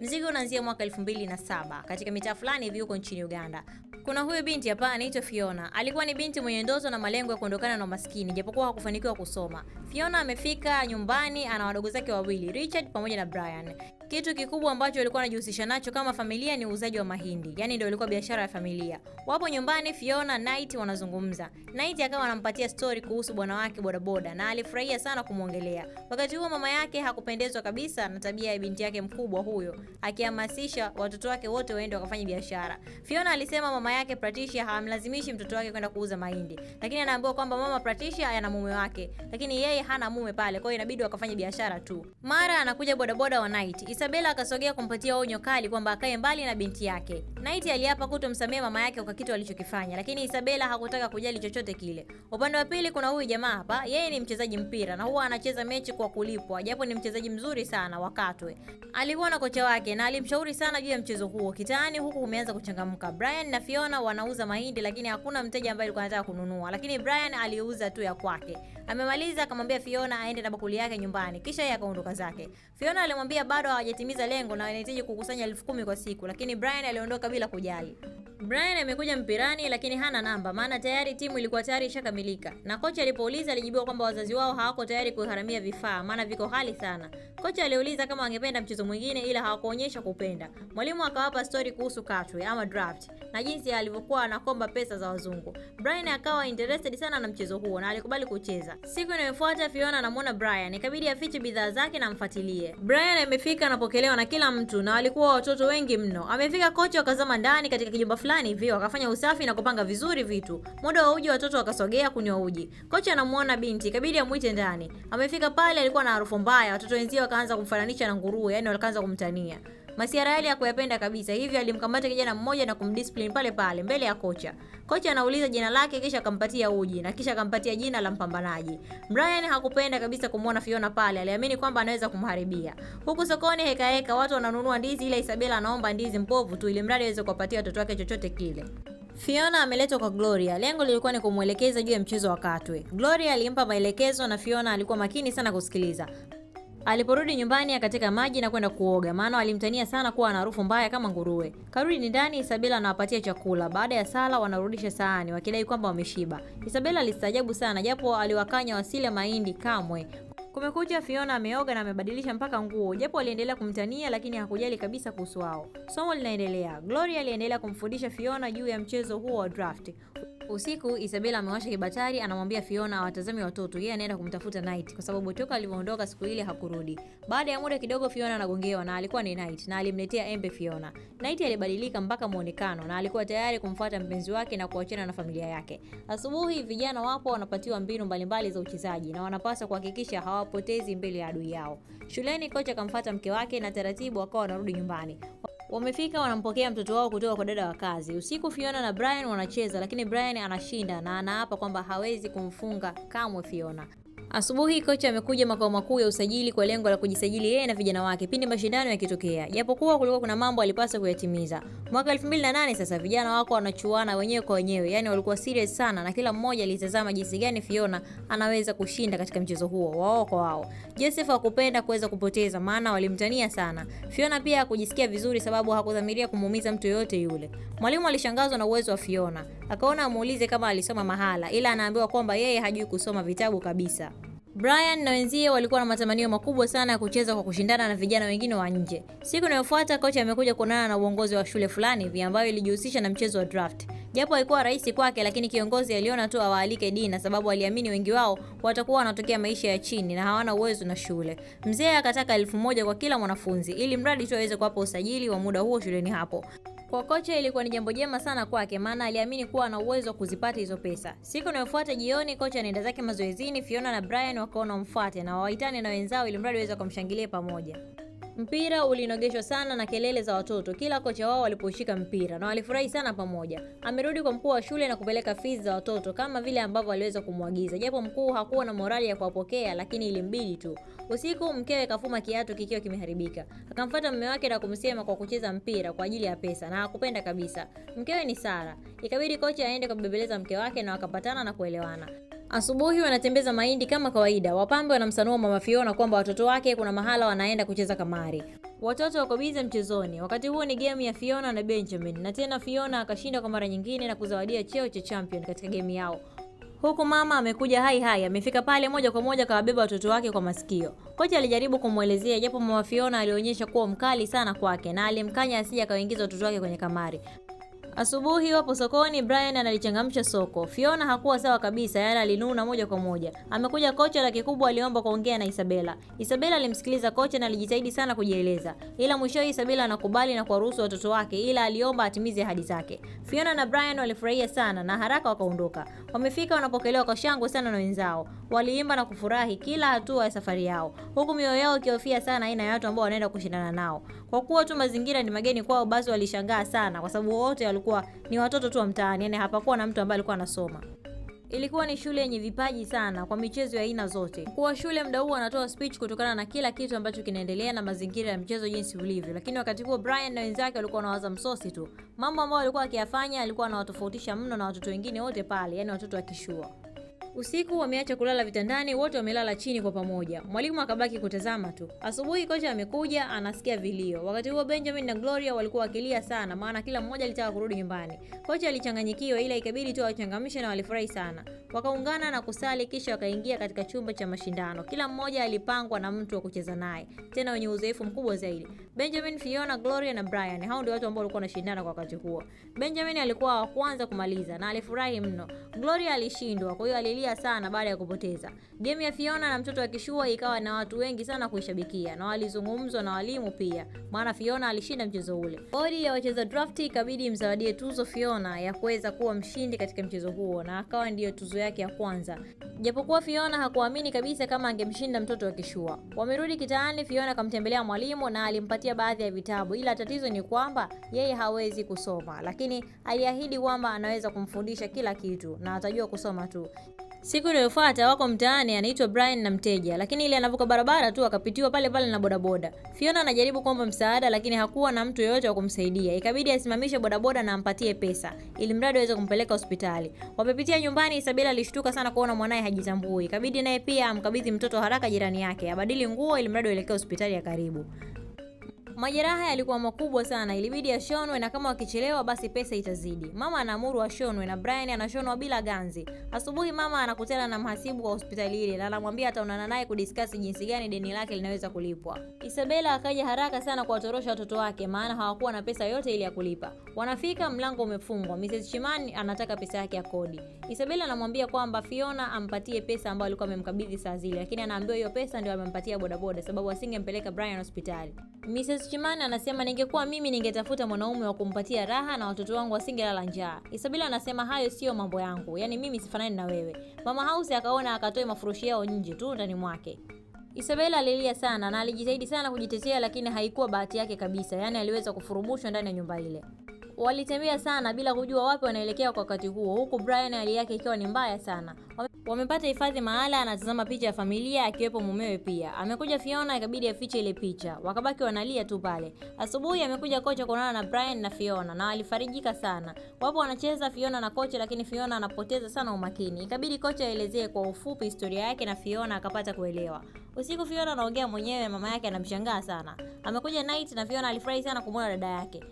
Mzigo unaanzia mwaka 2007 katika mitaa fulani hivi huko nchini Uganda. Kuna huyu binti hapa anaitwa Fiona. Alikuwa ni binti mwenye ndoto na malengo ya kuondokana na umaskini, japokuwa hakufanikiwa kusoma. Fiona amefika nyumbani, ana wadogo zake wawili, Richard pamoja na Brian. Kitu kikubwa ambacho walikuwa wanajihusisha nacho kama familia ni uuzaji wa mahindi, yaani ndio ilikuwa biashara ya familia. Wapo nyumbani, Fiona na Knight wanazungumza. Knight akawa anampatia story kuhusu bwana wake bodaboda na alifurahia sana kumwongelea. Wakati huo mama yake hakupendezwa kabisa na tabia ya binti yake mkubwa huyo, akihamasisha watoto wake wote waende wakafanye biashara. Fiona alisema mama yake Patricia hamlazimishi mtoto wake kwenda kuuza mahindi, lakini anaambiwa kwamba mama Patricia ana mume wake, lakini yeye hana mume pale, kwa hiyo inabidi wakafanye biashara tu. Mara anakuja bodaboda wa Night. Isabella akasogea kumpatia onyo kali kwamba akae mbali na binti yake. Night aliapa kutomsamehe mama yake kwa kitu alichokifanya, lakini Isabella hakutaka kujali chochote kile. Upande wa pili kuna huyu jamaa hapa, yeye ni mchezaji mpira na huwa anacheza mechi kwa kulipwa, japo ni mchezaji mzuri sana wakatwe. Alikuwa na kocha wake na alimshauri sana juu ya mchezo huo. Kitaani huku umeanza kuchangamka. Brian na Fiona waliona wanauza mahindi, lakini hakuna mteja ambaye alikuwa anataka kununua, lakini Brian aliuza tu ya kwake. Amemaliza akamwambia Fiona aende na bakuli yake nyumbani, kisha yeye akaondoka zake. Fiona alimwambia bado hawajatimiza lengo na wanahitaji kukusanya elfu kumi kwa siku, lakini Brian aliondoka bila kujali. Brian amekuja mpirani lakini hana namba, maana tayari timu ilikuwa tayari ishakamilika, na kocha alipouliza alijibiwa kwamba wazazi wao hawako tayari kuharamia vifaa, maana viko hali sana. Kocha aliuliza kama wangependa mchezo mwingine, ila hawakuonyesha kupenda. Mwalimu akawapa stori kuhusu katwe ama draft na jinsi alivyokuwa anakomba pesa za wazungu. Brian akawa interested sana na mchezo huo na alikubali kucheza. Siku inayofuata Fiona anamwona Brian, ikabidi afiche bidhaa zake na mfuatilie. Brian amefika, anapokelewa na kila mtu na walikuwa watoto wengi mno. Amefika kocha, wakazama ndani katika kijumba fulani hivi wakafanya usafi na kupanga vizuri vitu. Muda wa uji watoto wakasogea kunywa uji. Kocha anamuona binti, ikabidi amuite ndani. Amefika pale alikuwa na harufu mbaya, watoto wenzie wakaanza kumfananisha na nguruwe, yani wakaanza kumtania. Masiara yale hakuyapenda kabisa, hivyo alimkamata kijana mmoja na kumdiscipline pale pale mbele ya kocha. Kocha anauliza jina lake, kisha akampatia uji na kisha akampatia jina la mpambanaji. Brian hakupenda kabisa kumuona Fiona pale, aliamini kwamba anaweza kumharibia. Huku sokoni heka heka, watu wananunua ndizi, ila Isabella anaomba ndizi mbovu tu, ili mradi aweze kuwapatia watoto wake chochote kile. Fiona ameletwa kwa Gloria. Lengo lilikuwa ni kumwelekeza juu ya mchezo wa katwe. Gloria alimpa maelekezo na Fiona alikuwa makini sana kusikiliza. Aliporudi nyumbani akateka maji na kwenda kuoga, maana walimtania sana kuwa ana harufu mbaya kama nguruwe. Karudi ndani, Isabela anawapatia chakula. Baada ya sala, wanarudisha sahani wakidai kwamba wameshiba. Isabela alistaajabu sana, japo aliwakanya wasile mahindi kamwe. Kumekucha, Fiona ameoga na amebadilisha mpaka nguo, japo aliendelea kumtania, lakini hakujali kabisa kuhusu wao. Somo linaendelea. Gloria aliendelea kumfundisha Fiona juu ya mchezo huo wa draft. Usiku Isabella amewasha kibatari, anamwambia Fiona awatazame watoto, yeye anaenda kumtafuta Night kwa sababu toka alivyoondoka siku ile hakurudi. Baada ya muda kidogo, Fiona anagongewa na alikuwa ni Night na alimletea embe Fiona. Night alibadilika mpaka muonekano na alikuwa tayari kumfuata mpenzi wake na kuachana na familia yake. Asubuhi vijana wapo wanapatiwa mbinu mbalimbali za uchezaji na wanapaswa kuhakikisha hawapotezi mbele ya adui yao. Shuleni kocha akamfuata mke wake na taratibu akawa wanarudi nyumbani. Wamefika wanampokea mtoto wao kutoka kwa dada wa kazi. Usiku Fiona na Brian wanacheza, lakini Brian anashinda na anaapa kwamba hawezi kumfunga kamwe Fiona. Asubuhi kocha amekuja makao makuu ya usajili kwa lengo la kujisajili yeye na vijana wake pindi mashindano yakitokea, japokuwa kulikuwa kuna mambo alipaswa kuyatimiza. Mwaka 2008 sasa vijana wako wanachuana wenyewe kwa wenyewe, yani walikuwa serious sana, na kila mmoja alitazama jinsi gani Fiona anaweza kushinda katika mchezo huo wao kwa wao. Joseph hakupenda kuweza kupoteza, maana walimtania sana. Fiona pia hakujisikia vizuri, sababu hakudhamiria kumuumiza mtu yoyote yule. Mwalimu alishangazwa na uwezo wa Fiona akaona amuulize kama alisoma mahala, ila anaambiwa kwamba yeye hajui kusoma vitabu kabisa. Brian na wenzie walikuwa na matamanio makubwa sana ya kucheza kwa kushindana na vijana wengine wa nje. Siku inayofuata kocha amekuja kuonana na uongozi wa shule fulani hivi ambayo ilijihusisha na mchezo wa draft. Japo haikuwa rahisi kwake, lakini kiongozi aliona tu awaalike Dina sababu aliamini wengi wao watakuwa wanatokea maisha ya chini na hawana uwezo na shule. Mzee akataka elfu moja kwa kila mwanafunzi ili mradi tu aweze kuwapa usajili wa muda huo shuleni hapo. Kwa kocha ilikuwa ni jambo jema sana kwake, maana aliamini kuwa ana uwezo wa kuzipata hizo pesa. Siku inayofuata jioni, kocha anaenda zake mazoezini, Fiona na Brian wakaona wamfuate na wawaitane na wenzao, ili mradi waweze kumshangilia pamoja. Mpira ulinogeshwa sana na kelele za watoto kila kocha wao waliposhika mpira, na walifurahi sana pamoja. Amerudi kwa mkuu wa shule na kupeleka fizi za watoto kama vile ambavyo aliweza kumwagiza, japo mkuu hakuwa na morali ya kuwapokea, lakini ilimbidi tu. Usiku mkewe kafuma kiatu kikiwa kimeharibika, akamfuata mume wake na kumsema kwa kucheza mpira kwa ajili ya pesa, na hakupenda kabisa. Mkewe ni Sara, ikabidi kocha aende kumbembeleza mke wake, na wakapatana na kuelewana. Asubuhi wanatembeza mahindi kama kawaida. Wapambe wanamsanua mama Fiona kwamba watoto wake kuna mahala wanaenda kucheza kamari. Watoto wako bize mchezoni. Wakati huo ni gemu ya Fiona na Benjamin, na tena Fiona akashinda kwa mara nyingine na kuzawadia cheo cha champion katika gemu yao huku mama amekuja hai hai, amefika pale moja kwa moja kawabeba watoto wake kwa masikio. Kocha alijaribu kumwelezea, japo mama Fiona alionyesha kuwa mkali sana kwake na alimkanya asije akawaingiza watoto wake kwenye kamari. Asubuhi wapo sokoni, Brian analichangamsha soko. Fiona hakuwa sawa kabisa, yaani alinuna moja kwa moja. Amekuja kocha, la kikubwa, aliomba kuongea na Isabela. Isabela alimsikiliza kocha na alijitahidi sana kujieleza, ila mwishowe Isabela anakubali na kuwaruhusu watoto wake, ila aliomba atimize ahadi zake. Fiona na Brian walifurahia sana na haraka wakaondoka. Wamefika, wanapokelewa kwa shangwe sana na wenzao. Waliimba na kufurahi kila hatua ya safari yao, huku mioyo yao ikihofia sana aina ya watu ambao wanaenda kushindana nao. Kwa kuwa tu mazingira ni mageni kwao, basi walishangaa sana kwa sababu wote walikuwa walikuwa ni watoto tu wa mtaani, yani hapakuwa na mtu ambaye alikuwa anasoma. Ilikuwa ni shule yenye vipaji sana kwa michezo ya aina zote. Kuwa shule mda huu anatoa speech kutokana na kila kitu ambacho kinaendelea na mazingira ya mchezo jinsi ulivyo, lakini wakati huo Brian na wenzake walikuwa wanawaza msosi tu. Mambo ambayo alikuwa akiyafanya alikuwa anawatofautisha mno na watoto wengine wote pale, yani watoto wa kishua. Usiku wameacha kulala vitandani, wote wamelala chini kwa pamoja. Mwalimu akabaki kutazama tu. Asubuhi kocha amekuja, anasikia vilio. Wakati huo Benjamin na Gloria walikuwa wakilia sana, maana kila mmoja alitaka kurudi nyumbani. Kocha alichanganyikiwa, ila ikabidi tu awachangamshe na walifurahi sana wakaungana na kusali, kisha wakaingia katika chumba cha mashindano. Kila mmoja alipangwa na mtu wa kucheza naye, tena wenye uzoefu mkubwa zaidi: Benjamin, Fiona, Gloria na Brian. Hao ndio watu ambao walikuwa wanashindana kwa wakati huo. Benjamin alikuwa wa kwanza kumaliza na alifurahi mno. Gloria alishindwa, kwa hiyo alilia sana baada ya kupoteza. Game ya Fiona na mtoto wa kishua ikawa na watu wengi sana kuishabikia na walizungumzwa na walimu pia, maana Fiona alishinda mchezo ule. Bodi ya wacheza drafti ikabidi imzawadie tuzo Fiona ya kuweza kuwa mshindi katika mchezo huo na akawa ndiyo tuzo tuzo yake ya kwanza. Japokuwa Fiona hakuamini kabisa kama angemshinda mtoto wa Kishua. Wamerudi kitaani, Fiona akamtembelea mwalimu na alimpatia baadhi ya vitabu, ila tatizo ni kwamba yeye hawezi kusoma, lakini aliahidi kwamba anaweza kumfundisha kila kitu na atajua kusoma tu. Siku iliyofuata wako mtaani, anaitwa Brian na mteja, lakini ile anavuka barabara tu akapitiwa pale pale na bodaboda. Fiona anajaribu kuomba msaada, lakini hakuwa na mtu yoyote wa kumsaidia. Ikabidi asimamishe bodaboda na ampatie pesa ili mradi aweze kumpeleka hospitali. Wamepitia nyumbani, Isabela alishtuka sana kuona mwanaye hajitambui. Ikabidi naye pia amkabidhi mtoto haraka jirani yake abadili nguo ili mradi aelekee hospitali ya karibu. Majeraha yalikuwa makubwa sana, ilibidi ashonwe na kama wakichelewa basi pesa itazidi. Mama anaamuru ashonwe na Brian anashonwa bila ganzi. Asubuhi mama anakutana na mhasibu wa hospitali ile na anamwambia ataonana naye kudiskasi jinsi gani deni lake linaweza kulipwa. Isabella akaja haraka sana kuwatorosha watoto wake, maana hawakuwa na pesa yote ile ya kulipa. Wanafika, mlango umefungwa. Mrs. Chimani anataka pesa yake ya kodi. Isabella anamwambia kwamba Fiona ampatie pesa ambayo alikuwa amemkabidhi saa zile, lakini anaambiwa hiyo pesa ndio amempatia bodaboda, sababu asingempeleka Brian hospitali. Mrs. Rose Chimani anasema ningekuwa mimi ningetafuta mwanaume wa kumpatia raha na watoto wangu wasingelala njaa. Isabila anasema hayo sio mambo yangu, yaani mimi sifanani na wewe. Mama House akaona akatoe mafurushi yao nje tu ndani mwake. Isabela alilia sana na alijitahidi sana kujitetea, lakini haikuwa bahati yake kabisa, yaani aliweza kufurumushwa ndani ya nyumba ile. Walitembea sana bila kujua wapi wanaelekea kwa wakati huo, huku Brian hali yake ikiwa ni mbaya sana. Wamepata hifadhi mahala, anatazama picha ya familia akiwepo mumewe pia. Amekuja Fiona, ikabidi afiche ile picha, wakabaki wanalia tu pale. Asubuhi amekuja kocha kuonana na Brian na Fiona na walifarijika sana. Wapo wanacheza Fiona na kocha, lakini Fiona anapoteza sana umakini, ikabidi kocha aelezee kwa ufupi historia yake na Fiona akapata kuelewa. Usiku Fiona anaongea mwenyewe, mama yake anamshangaa sana. Amekuja night na Fiona alifurahi sana kumwona dada yake.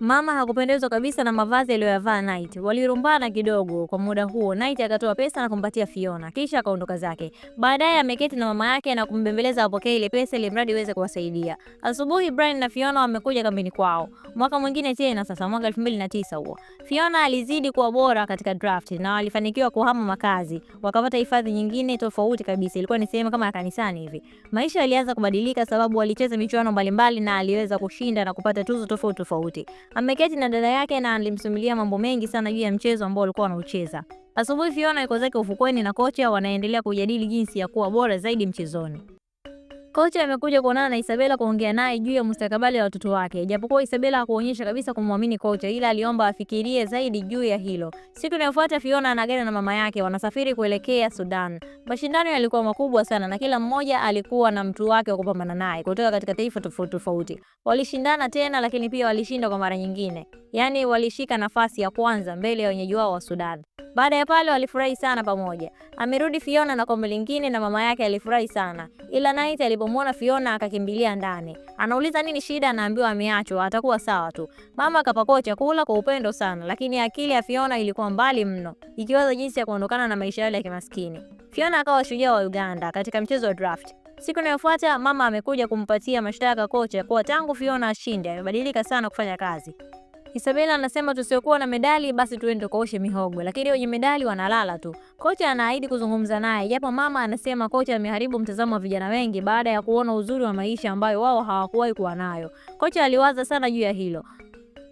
Mama hakupendezwa kabisa na mavazi aliyoyavaa Night. Walirumbana kidogo kwa muda huo. Night akatoa pesa na kumpatia Fiona, kisha akaondoka zake. Baadaye ameketi na mama yake na kumbembeleza apokee ile pesa ili mradi iweze kuwasaidia. Asubuhi Brian na Fiona wamekuja kambini kwao. Mwaka mwingine tena sasa, mwaka 2009 huo. Fiona alizidi kuwa bora katika draft na alifanikiwa kuhama makazi. Wakapata hifadhi nyingine tofauti kabisa. Ilikuwa ni sehemu kama ya kanisani hivi. Maisha yalianza kubadilika sababu walicheza michuano mbalimbali na aliweza kushinda na kupata tuzo tofauti tofauti. Ameketi na dada yake na alimsimulia mambo mengi sana juu ya mchezo ambao walikuwa wanaucheza. Asubuhi Fiona yuko zake ufukweni na kocha wanaendelea kujadili jinsi ya kuwa bora zaidi mchezoni. Kocha amekuja kuonana na Isabela kuongea naye juu ya mustakabali wa watoto wake. Japokuwa Isabela hakuonyesha kabisa kumwamini kocha ila aliomba afikirie zaidi juu ya hilo. Siku inayofuata Fiona anagana na mama yake wanasafiri kuelekea Sudan. Mashindano yalikuwa makubwa sana na kila mmoja alikuwa na mtu wake wa kupambana naye kutoka katika taifa tofauti tofauti. Walishindana tena lakini pia walishinda kwa mara nyingine. Yaani walishika nafasi ya kwanza mbele ya wenyeji wao wa Sudan. Baada ya pale walifurahi sana pamoja. Amerudi Fiona na kombe lingine na mama yake alifurahi sana. Ila Night alipo alipomwona Fiona akakimbilia ndani. Anauliza nini shida, anaambiwa ameachwa, atakuwa sawa tu. Mama akapakua chakula kwa upendo sana, lakini akili ya Fiona ilikuwa mbali mno, ikiwaza jinsi ya kuondokana na maisha yale ya kimaskini. Fiona akawa shujaa wa Uganda katika mchezo wa draft. Siku inayofuata mama amekuja kumpatia mashtaka kocha kuwa tangu Fiona ashinde amebadilika sana kufanya kazi. Isabela anasema tusiokuwa na medali basi tuende tukaoshe mihogo, lakini wenye medali wanalala tu. Kocha anaahidi kuzungumza naye, japo mama anasema kocha ameharibu mtazamo wa vijana wengi baada ya kuona uzuri wa maisha ambayo wao hawakuwahi kuwa nayo. Kocha aliwaza sana juu ya hilo.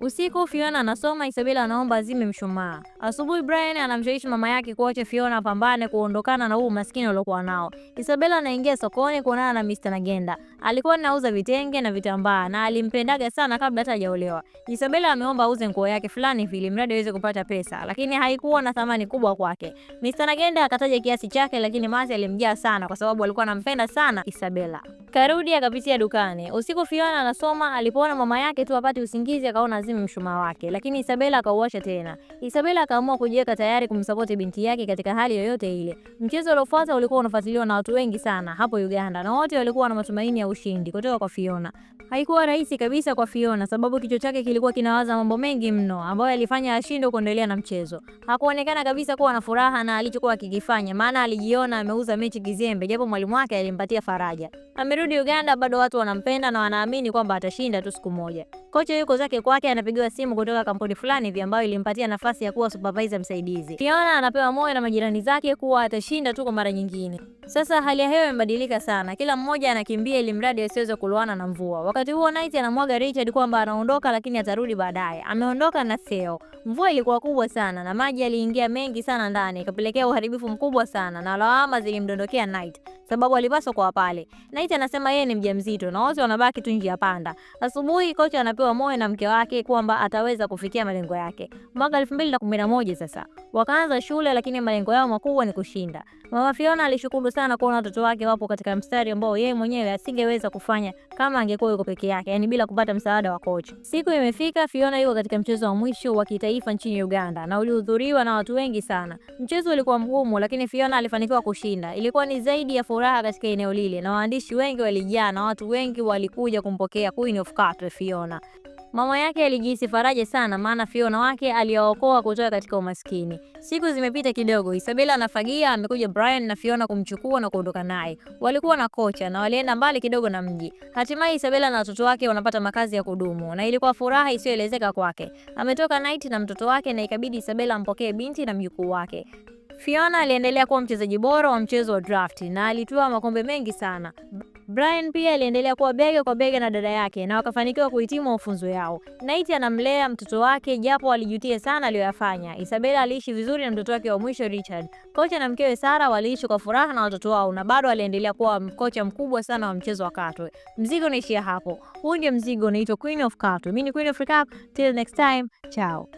Usiku Fiona anasoma, Isabela anaomba azime mshumaa. Asubuhi Brian anamshawishi mama yake kuacha Fiona apambane kuondokana na huu maskini aliokuwa nao. Isabela anaingia sokoni kuonana na Mr. Nagenda. Alikuwa anauza vitenge na vitambaa na alimpendaga sana kabla hata hajaolewa. Isabela ameomba auze nguo yake fulani ili mradi aweze kupata pesa, lakini haikuwa na thamani kubwa kwake. Mr. Nagenda akataja kiasi chake, lakini Masi alimjia sana kwa sababu alikuwa anampenda sana Isabela. Karudi akapitia dukani. Usiku Fiona anasoma, alipoona mama yake tu apate usingizi akaona lazima mshumaa wake, lakini Isabela akauwasha tena. Isabela akaamua kujiweka tayari kumsapoti binti yake katika hali yoyote ile. Mchezo uliofuata ulikuwa unafuatiliwa na watu wengi sana hapo Uganda na wote walikuwa na matumaini ya ushindi kutoka kwa Fiona. Haikuwa rahisi kabisa kwa Fiona sababu kichwa chake kilikuwa kinawaza mambo mengi mno ambayo alifanya ashindwe kuendelea na mchezo. Hakuonekana kabisa kuwa na furaha na alichokuwa akikifanya, maana alijiona ameuza mechi kizembe, japo mwalimu wake alimpatia faraja. Amerudi Uganda, bado watu wanampenda na wanaamini kwamba atashinda tu siku moja. Kocha yuko zake kwake, anapigiwa simu kutoka kampuni fulani hivi ambayo ilimpatia nafasi ya kuwa supervisor msaidizi. Fiona anapewa moyo na majirani zake kuwa atashinda tu kwa mara nyingine. Sasa hali ya hewa imebadilika sana, kila mmoja anakimbia ili mradi asiweze kuloana na mvua. Wakati huo Knight anamwaga Richard kwamba anaondoka, lakini atarudi baadaye. Ameondoka na Theo. Mvua ilikuwa kubwa sana na maji yaliingia mengi sana ndani, ikapelekea uharibifu mkubwa sana na lawama zilimdondokea Knight sababu alipaswa kuwa pale. Knight anasema yeye ni mjamzito na wote wanabaki tu njia panda. Asubuhi kocha anapewa moyo na mke wake kwamba ataweza kufikia malengo yake. Mwaka 2011 sasa wakaanza shule, lakini malengo yao makubwa ni kushinda. Mama Fiona alishukuru sana kuona watoto wake wapo katika mstari ambao yeye mwenyewe asingeweza kufanya kama angekuwa yuko peke yake, yani bila kupata msaada wa kocha. Siku imefika, Fiona yuko katika mchezo wa mwisho wa kitaifa nchini Uganda na ulihudhuriwa na watu wengi sana. Mchezo ulikuwa mgumu, lakini Fiona alifanikiwa kushinda. Ilikuwa ni zaidi ya furaha katika eneo lile, na waandishi wengi walijaa na watu wengi walikuja kumpokea Queen of Country Fiona. Mama yake alijihisi faraja sana maana Fiona wake aliwaokoa kutoka katika umaskini. Siku zimepita kidogo, Isabella anafagia amekuja Brian na Fiona kumchukua na kuondoka naye. Walikuwa na kocha na walienda mbali kidogo na mji. Hatimaye Isabella na watoto wake wanapata makazi ya kudumu na ilikuwa furaha isiyoelezeka kwake. Ametoka night na mtoto wake na ikabidi Isabella ampokee binti na mjukuu wake. Fiona aliendelea kuwa mchezaji bora wa mchezo wa drafti na alitua makombe mengi sana. Brian pia aliendelea kuwa bega kwa bega na dada yake na wakafanikiwa kuhitimu mafunzo yao. Naiti anamlea mtoto wake japo alijutia sana aliyoyafanya. Isabella aliishi vizuri na mtoto wake wa mwisho Richard. Kocha na mkewe Sara waliishi kwa furaha na watoto wao na bado aliendelea kuwa kocha mkubwa sana wa mchezo wa Katwe. Mzigo unaishia hapo. Huu ndio mzigo unaitwa Queen of Katwe. Mimi ni Queen of Recap. Till next time. Ciao.